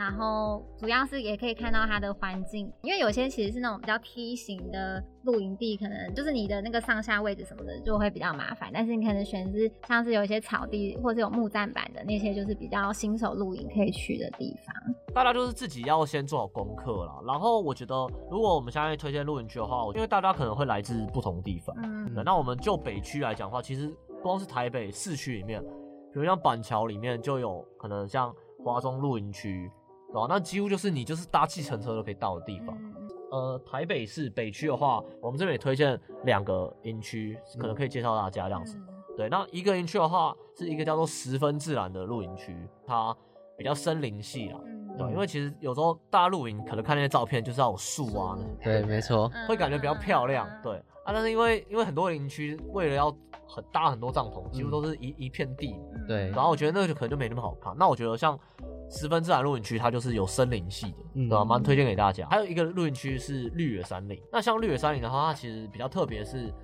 然後主要是也可以看到它的環境，因為有些其實是那種比較梯形的露營地，可能就是你的那個上下位置什麼的就會比較麻煩。但是你可能選是像是有一些草地，或是有木棧板的那些，就是比較新手露營可以去的地方。大家就是自己要先做好功課啦。然後我覺得，如果我們現在推薦露營區的話，因為大家可能會來自不同地方，嗯，嗯，那我們就北區來講的話，其實光是台北市區裡面，比如像板橋裡面，就有可能像華中露營區。啊，那幾乎就是你就是搭計程車都可以到的地方。呃，台北市北區的話，我們這邊也推薦兩個營區，可能可以介紹大家這樣子。嗯、對，那一個營區的話，是一個叫做十分自然的露營區，它比較森林系啊。對，因為其實有時候大家露營可能看那些照片，就是那種樹啊。對，沒錯，會感覺比較漂亮。對啊，但是因為因為很多營區為了要很大很多帳篷，幾乎都是一、嗯、一片地。對，然後我覺得那個就可能就沒那麼好看。那我覺得像十分自然露營區，它就是有森林系的，嗯，蠻、啊、推薦給大家。還有一個露營區是綠野山林。那像綠野山林的話，它其實比較特別，是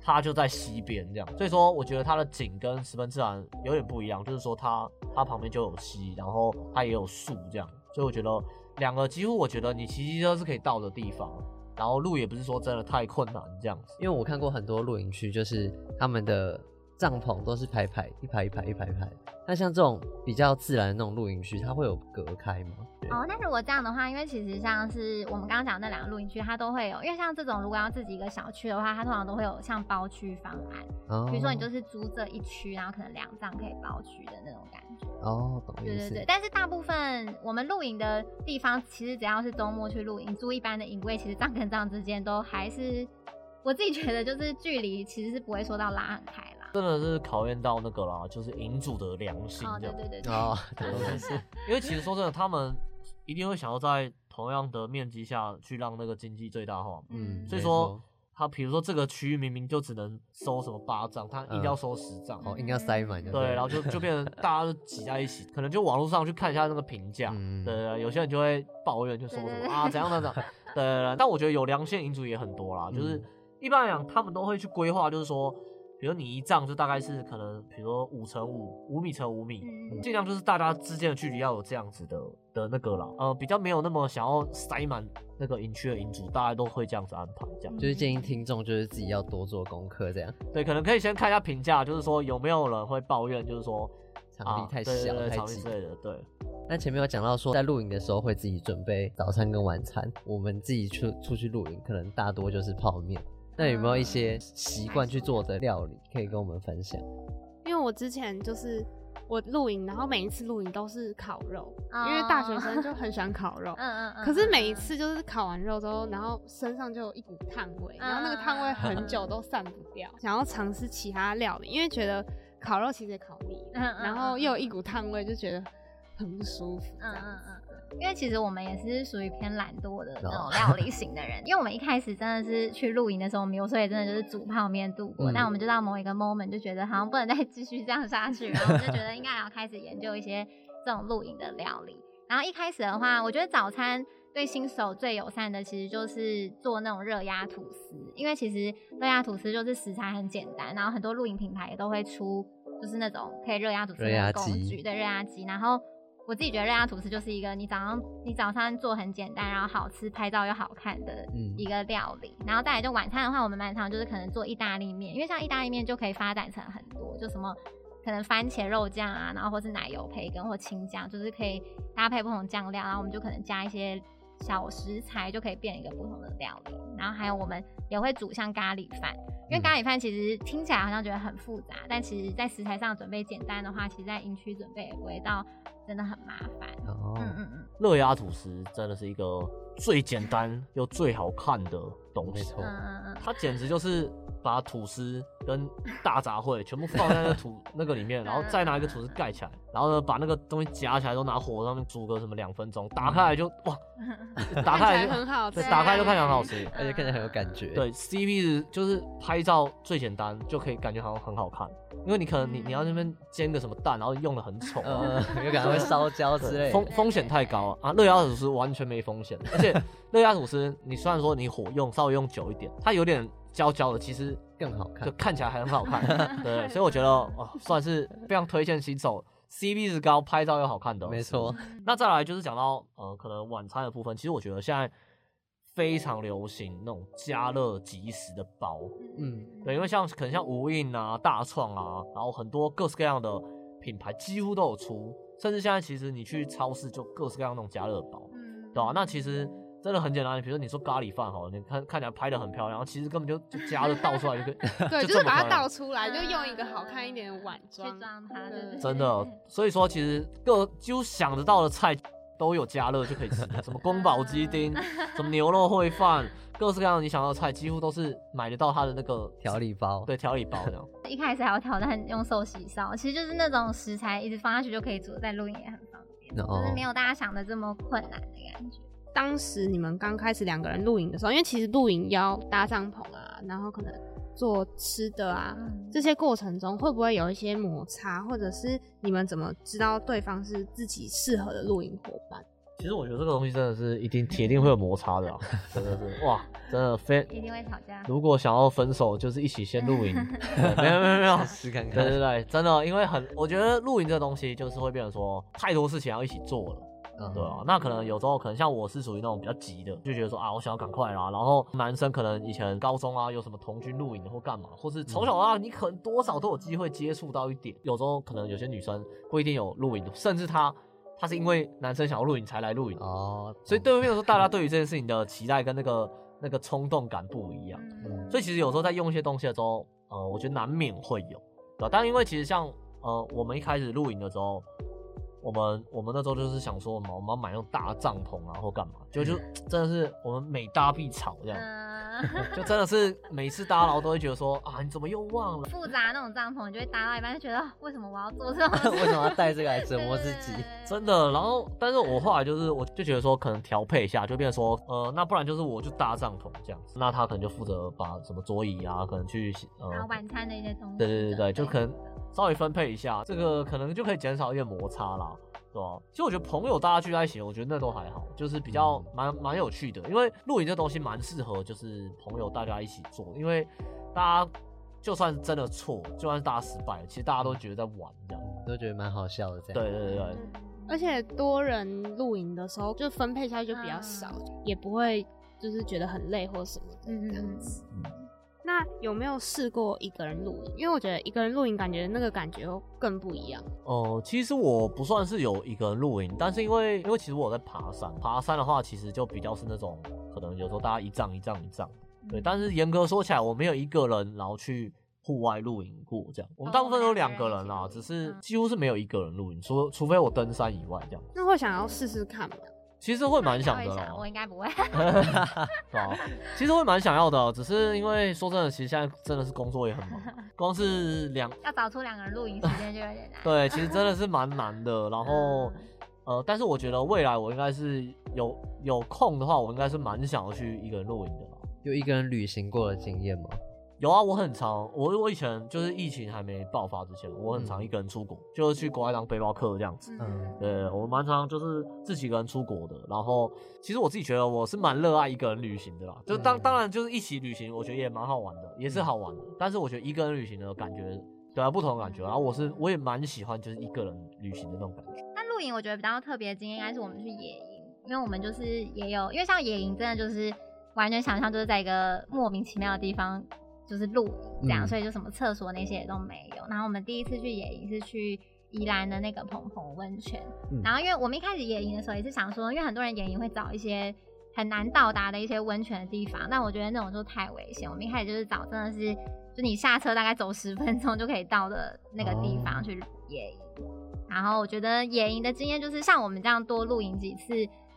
它就在溪邊這樣。所以說，我覺得它的景跟十分自然有點不一樣，就是說它它旁邊就有溪，然後它也有樹這樣。所以我覺得兩個幾乎，我覺得你騎機車是可以到的地方。然後路也不是說真的太困難這樣子，因為我看過很多露營區，就是他們的帳篷都是排排一排一排一排一排。那像這種比較自然的那種露營區，它會有隔開嗎？哦，那、oh, 如果這樣的話，因為其實像是我們剛剛講的那兩個露營區，它都會有，因為像這種如果要自己一個小區的話，它通常都會有像包區方案，oh. 比如說你就是租這一區，然後可能兩帳可以包區的那種感覺。哦、oh,，懂。對對對，但是大部分我們露營的地方，其實只要是週末去露營，租一般的營位，其實帳跟帳之間都還是，我自己覺得就是距離其實是不會說到拉很開了。真的是考驗到那個啦，就是營主的良心這樣，oh, 對，對，對，對、 就是。因為其實說真的，他們一定會想要在同樣的面積下去讓那個經濟最大化，嗯，所以說他比如說這個區域明明就只能收什麼八帳，他一定要收十帳，嗯、哦，一定要塞滿，對，然後就就變成大家都擠在一起， 可能就網絡上去看一下那個評價，對、嗯、對，有些人就會抱怨，就說什麼、嗯、啊怎樣的呢，對 對對，但我覺得有良心營主也很多啦，就是、嗯、一般來講他們都會去規劃，就是說。比如你一帳，就大概是可能，比如說五乘五，五米乘五米，盡量就是大家之間的距離要有這樣子的的那個啦。呃，比較沒有那麼想要塞滿那個營區的營主，大家都會這樣子安排，這樣就是建議聽眾就是自己要多做功課這樣。對，可能可以先看一下評價，就是說有沒有人會抱怨，就是說場地太小、太擠之類的。對。那前面有講到說，在露營的時候會自己準備早餐跟晚餐，我們自己出出去露營，可能大多就是泡麵。那有沒有一些習慣去做的料理可以跟我們分享？因為我之前就是我露營，然後每一次露營都是烤肉，因為大學生就很喜歡烤肉。可是每一次就是烤完肉之後，然後身上就有一股炭味，然後那個炭味很久都散不掉。想要嘗試其他料理，因為覺得烤肉其實也烤膩，然後又有一股炭味，就覺得很不舒服。這樣子。因為其實我們也是屬於偏懶惰的那種料理型的人， 因為我們一開始真的是去露營的時候，沒有，所以真的就是煮泡面度過、嗯。但我們就到某一個 moment 就覺得好像不能再繼續這樣下去，然後就覺得應該要開始研究一些這種露營的料理。 然後一開始的話，我覺得早餐對新手最友善的其實就是做那種熱壓吐司，因為其實熱壓吐司就是食材很簡單，然後很多露營品牌也都會出，就是那種可以熱壓吐司的工具，熱壓機，對熱壓機，然後。我自己覺得，熱壓吐司就是一個你早上你早餐做很簡單，然後好吃、拍照又好看的一個料理。嗯、然後，再來就晚餐的話，我們蠻常就是可能做意大利麵，因為像意大利面就可以發展成很多，就什麼可能番茄肉醬啊，然後或是奶油培根或青醬，就是可以搭配不同醬料，然後我們就可能加一些。小食材，就可以變成一個不同的料理，然後還有我們也會煮像咖喱飯，因為咖喱飯其實聽起來好像覺得很複雜，嗯、但其實，在食材上準備簡單的話，其實，在營區準備也不會到真的很麻煩。嗯嗯嗯，熱壓吐司真的是一個最簡單又最好看的東西， 嗯嗯嗯，它簡直就是。把吐司跟大雜燴全部放在那個土那個裡面， 然後再拿一個吐司蓋起來，然後呢，把那個東西夾起來，都拿火上面煮個什麼兩分鐘，打開來就哇 打開來就 來，打開來就很好吃，打開就看起來很好吃，而且看起來很有感覺。對，CP 值，就是拍照最簡單，就可以感覺好像很好看，因為你可能你、嗯、你要那邊煎個什麼蛋，然後用的很醜、啊，有感覺會燒焦之類，對對對，風風險太高啊，啊！熱壓吐司完全沒風險， 而且熱壓吐司你雖然說你火用稍微用久一點，它有點。焦焦的其實更好看，就看起來還很好看，好看 對。所以我覺得、哦、算是非常推薦新手，CP 值高，拍照又好看的。沒錯。那再來就是講到呃，可能晚餐的部分，其實我覺得現在非常流行那種加熱即食的包，嗯，對，因為像可能像無印啊、大創啊，然後很多各式各樣的品牌幾乎都有出，甚至現在其實你去超市就各式各樣那種加熱包，嗯、對吧、啊？那其實。真的很簡單，你比如說你說咖喱飯好，你看看起來拍的很漂亮，然後其實根本就就加熱倒出來就可以。 對就，就是把它倒出來，就用一個好看一點的碗裝、啊嗯、去裝它對對對。真的，所以說其實各就想得到的菜都有加熱就可以吃， 什麼宮保雞丁， 什麼牛肉燴飯， 各式各樣你想要的菜，幾乎都是買得到它的那個調理包。對，調理包的。 一開始還要挑戰用壽喜燒，其實就是那種食材一直放下去就可以煮，在露營也很方便，no. 就是沒有大家想的這麼困難的感覺。當時你們剛開始兩個人露營的時候，因為其實露營要搭帳篷啊，然後可能做吃的啊，這些過程中會不會有一些摩擦，或者是你們怎麼知道對方是自己適合的露營伙伴？其實我覺得這個東西真的是一定鐵定會有摩擦的啊， 真的是哇，真的非一定會吵架。如果想要分手，就是一起先露營。 沒有沒有沒有看看，對對對，真的，因為很我覺得露營這個東西就是會變成說太多事情要一起做了。嗯，對啊，那可能有時候可能像我是屬於那種比較急的，就覺得說啊，我想要趕快啦。然後男生可能以前高中啊，有什麼童軍露營或幹嘛，或是從小到大你可能多少都有機會接觸到一點、嗯。有時候可能有些女生不一定有露營，甚至她她是因為男生想要露營才來露營。的、嗯、啊。所以對面的時候，大家對於這件事情的期待跟那個那個衝動感不一樣、嗯。所以其實有時候在用一些東西的時候，呃，我覺得難免會有。對，但因為其實像呃，我們一開始露營的時候。我們我們那時候就是想說什麼，我們要買那種大帳篷啊，或幹嘛，就就真的是我們每搭必吵這樣。 就真的是每次搭牢，都會覺得說啊，你怎麼又忘了？複雜那種帳篷，你就會搭到一半就覺得，為什麼我要做這種？ 為什麼要帶這個來折磨自己？對對對對，真的。然後，但是我後來就是，我就覺得說，可能調配一下，就變成說，呃，那不然就是我就搭帳篷這樣子，那他可能就負責把什麼桌椅啊，可能去呃晚餐的一些東西對對對。對對對對，就可能稍微分配一下，這個可能就可以減少一點摩擦啦。對啊，其實我覺得朋友大家聚在一起，我覺得那都還好，就是比較蠻蠻有趣的。因為露營這東西蠻適合，就是朋友大家一起做。因為大家就算是真的錯，就算是大家失敗，其實大家都覺得在玩，這樣都覺得蠻好笑的。這樣。對對對，對、嗯，而且多人露營的時候，就分配下去就比較少，啊、也不會就是覺得很累或什麼的，這樣子。嗯那有沒有試過一個人露營？因為我覺得一個人露營，感覺那個感覺又更不一樣、呃。哦，其實我不算是有一個人露營、嗯，但是因為因為其實我在爬山，爬山的話其實就比較是那種可能有時候大家一帳一帳一帳，對。嗯、但是嚴格說起來，我沒有一個人然後去戶外露營過這樣。我們大部分都兩個人啦、啊嗯，只是幾乎是沒有一個人露營，除除非我登山以外這樣。那會想要試試看嗎？其實會蠻想的啦，我應該不會 對啊。其實會蠻想要的，只是因為說真的，其實現在真的是工作也很忙，光是兩要找出兩個人露營時間就有點難 對，其實真的是蠻難的。 然後，呃，但是我覺得未來我應該是有有空的話，我應該是蠻想要去一個人露營的。有一個人旅行過的經驗嗎？有啊，我很常我我以前就是疫情還沒爆發之前，我很常一個人出國，嗯、就是去國外當背包客這樣子。嗯，對，我蠻常就是自己一個人出國的。然後，其實我自己覺得我是蠻熱愛一個人旅行的啦。就當、嗯、當然就是一起旅行，我覺得也蠻好玩的，也是好玩的、嗯。但是我覺得一個人旅行的感覺，對啊，不同的感覺。然後我是我也蠻喜歡就是一個人旅行的那種感覺。那露營我覺得比較特別的經驗應該是我們去野營，因為我們就是也有因為像野營真的就是完全想象就是在一個莫名其妙的地方。嗯就是露營這樣、嗯，所以就什麼廁所那些也都沒有。然後我們第一次去野營是去宜蘭的那個蓬蓬溫泉。然後因為我們一開始野營的時候也是想說，因為很多人野營會找一些很難到達的一些溫泉的地方，但我覺得那種就太危險。我們一開始就是找真的是就你下車大概走十分鐘就可以到的那個地方去野營。然後我覺得野營的經驗就是像我們這樣多露營幾次。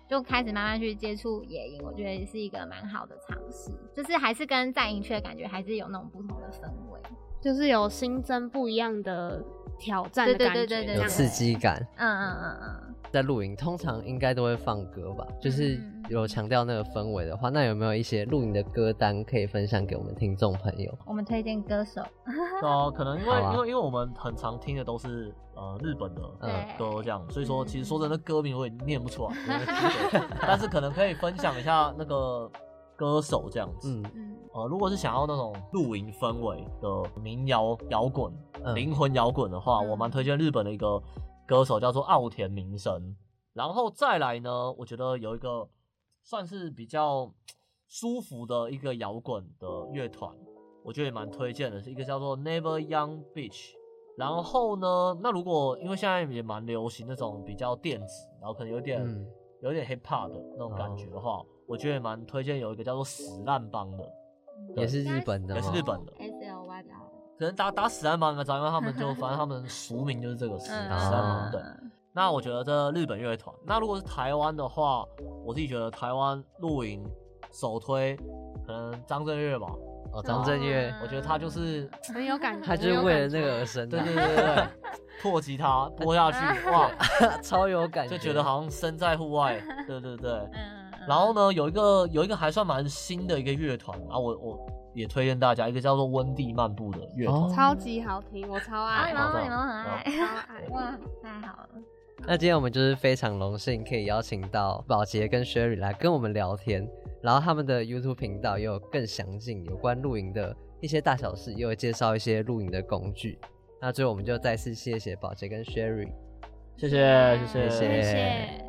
就開始慢慢去接觸野營，我覺得也是一個蠻好的嘗試，就是還是跟在營區的感覺還是有那種不同的氛圍，就是有新增不一樣的。挑戰的感覺，有刺激感。嗯嗯嗯嗯，在露營通常應該都會放歌吧，嗯、就是有強調那個氛圍的話，那有沒有一些露營的歌單可以分享給我們聽眾朋友？我們推薦歌手哦、啊，可能因為因為、啊、因為我們很常聽的都是呃日本的歌這樣，所以說其實說真的歌名我也念不出來， 對 但是可能可以分享一下那個歌手這樣子，嗯嗯。呃，如果是想要那種露營氛圍的民謠搖滾、靈魂搖滾的話，我蠻推薦日本的一個歌手叫做奧田民生。然後再來呢，我覺得有一個算是比較舒服的一個搖滾的樂團，我覺得也蠻推薦的，是一個叫做 Never Young Beach。然後呢，那如果因為現在也蠻流行那種比較電子，然後可能有點有點 Hip Hop 的那種感覺的話，我覺得也蠻推薦有一個叫做死爛幫的。也是，也是日本的，也是日本的 S L Y，可能打打死神榜應該找，因為他們就，反正他們俗名就是這個死 死神榜，對、啊。那我覺得這日本樂團，那如果是台灣的話，我自己覺得台灣露營首推可能張震岳吧。哦，張震岳，我覺得他就是很有感覺， 他就是為了那個而生的。 對，對對對對，破 吉他播下去 哇， 超有感覺，就覺得好像身在戶外。對對對，對。 嗯然後呢，有一個有一個還算蠻新的一個樂團，然後我我也推薦大家一個叫做溫蒂漫步的樂團。哦，超級好聽，我超愛，你、啊、們，你們很愛，哇、啊，太好了。那今天我們就是非常榮幸可以邀請到 JUMP 跟 Sherry 來跟我們聊天，然後他們的 YouTube 頻道也有更詳盡有關露營的一些大小事，也會介紹一些露營的工具。那最後我們就再次謝謝 JUMP 跟 Sherry，謝謝謝謝謝謝。謝謝謝謝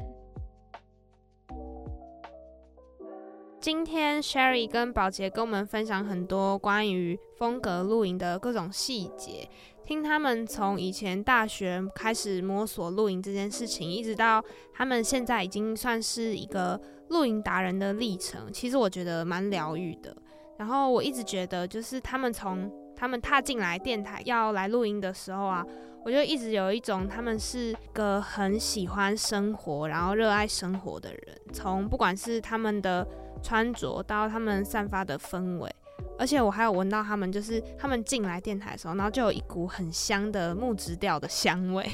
今天 Sherry 跟寶潔跟我們分享很多關於風格露營的各種細節，聽他們從以前大學開始摸索露營這件事情，一直到他們現在已經算是一個露營達人的歷程，其實我覺得蠻療癒的。然後我一直覺得，就是他們從他們踏進來電台要來露營的時候啊，我就一直有一種他們是個很喜歡生活，然後熱愛生活的人。從不管是他們的。穿着到他們散發的氛圍，而且我還有聞到他們就是他們進來電台的時候，然後就有一股很香的木質調的香味，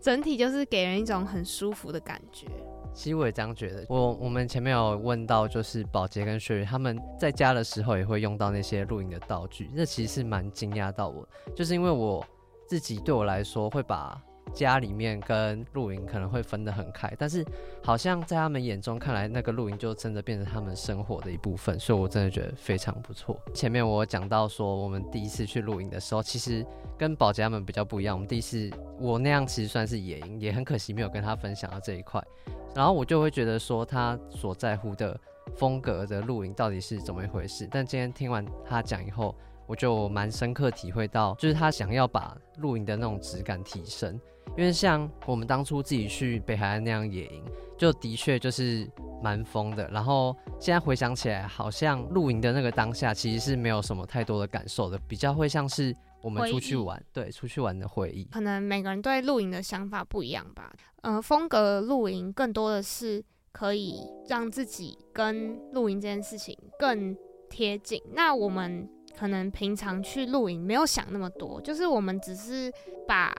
整體就是給人一種很舒服的感覺。其實我也這樣覺得。我我們前面有問到，就是寶杰跟 Sherry 他們在家的時候也會用到那些露營的道具，這其實是蠻驚訝到我，就是因為我自己對我來說會把。家裡面跟露營可能會分得很開，但是好像在他們眼中看來，那個露營就真的變成他們生活的一部分，所以我真的覺得非常不錯。前面我講到說，我們第一次去露營的時候，其實跟寶家們比較不一樣。我們第一次我那樣其實算是野營，也很可惜沒有跟他分享到這一塊。然後我就會覺得說，他所在乎的風格的露營到底是怎麼一回事。但今天聽完他講以後，我就蠻深刻體會到，就是他想要把露營的那種質感提升。因為像我們當初自己去北海岸那樣野營，就的確就是蠻瘋的。然後現在回想起來，好像露營的那個當下，其實是沒有什麼太多的感受的，比較會像是我們出去玩，對，出去玩的回憶。可能每個人對露營的想法不一樣吧。嗯、呃，風格露營更多的是可以讓自己跟露營這件事情更貼近。那我們可能平常去露營沒有想那麼多，就是我們只是把。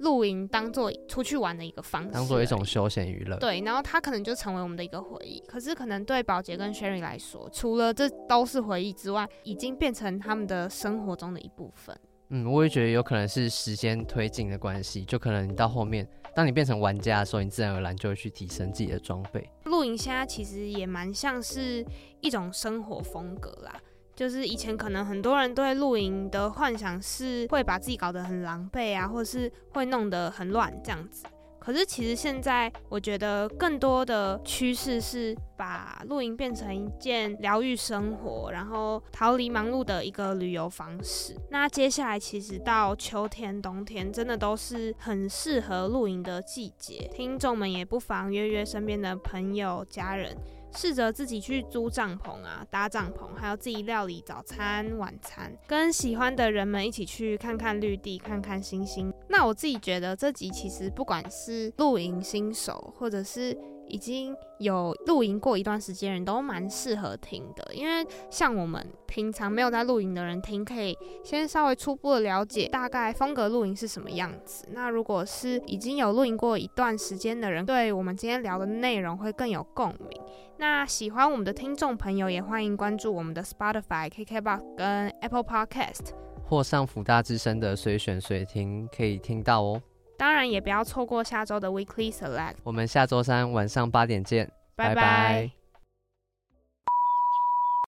露營當做出去玩的一個方式，當做一種休閒娛樂。對，然後它可能就成為我們的一個回憶。可是，可能對寶杰跟 Sherry 來說，除了這都是回憶之外，已經變成他們的生活中的一部分。嗯，我也覺得有可能是時間推進的關係，就可能你到後面，當你變成玩家的時候，你自然而然就會去提升自己的裝備。露營現在其實也蠻像是一種生活風格啦。就是以前可能很多人對露營的幻想是會把自己搞得很狼狽啊，或是會弄得很亂這樣子。可是其實現在我覺得更多的趨勢是把露營變成一件療癒生活，然後逃離忙碌的一個旅遊方式。那接下來其實到秋天、冬天真的都是很適合露營的季節，聽眾們也不妨約約身邊的朋友、家人。試着自己去租帳篷啊，搭帳篷，還有自己料理早餐、晚餐，跟喜歡的人們一起去看看綠地，看看星星。那我自己覺得這集其實不管是露營新手，或者是已經有露營過一段時間的人都蠻適合聽的，因為像我們平常沒有在露營的人聽，可以先稍微初步的了解大概風格露營是什麼樣子。那如果是已經有露營過一段時間的人，對我們今天聊的內容會更有共鳴。那喜歡我們的聽眾朋友，也歡迎關注我們的 Spotify、KKBOX 跟 Apple Podcast，或上輔大之聲的隨選隨聽可以聽到哦。當然，也不要錯過下周的 Weekly Select，我們下周三晚上八點見 bye bye，拜拜。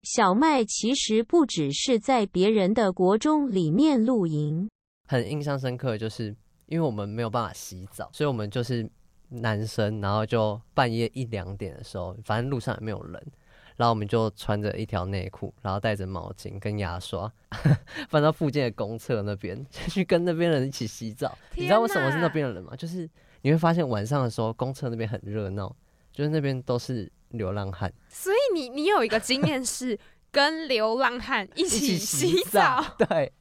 小麥其實不只是在別人的國中裡面露營，很印象深刻，就是因為我們沒有辦法洗澡，所以我們就是。男生，然後就半夜一兩點的時候，反正路上也沒有人，然後我們就穿着一條內褲，然後帶着毛巾跟牙刷，翻到附近的公廁那邊，就去跟那邊人一起洗澡。你知道為什麼是那邊的人嗎？就是你會發現晚上的時候，公廁那邊很熱鬧，就是那邊都是流浪漢。所以你你有一個經驗是跟流浪漢一起洗澡， 洗澡對。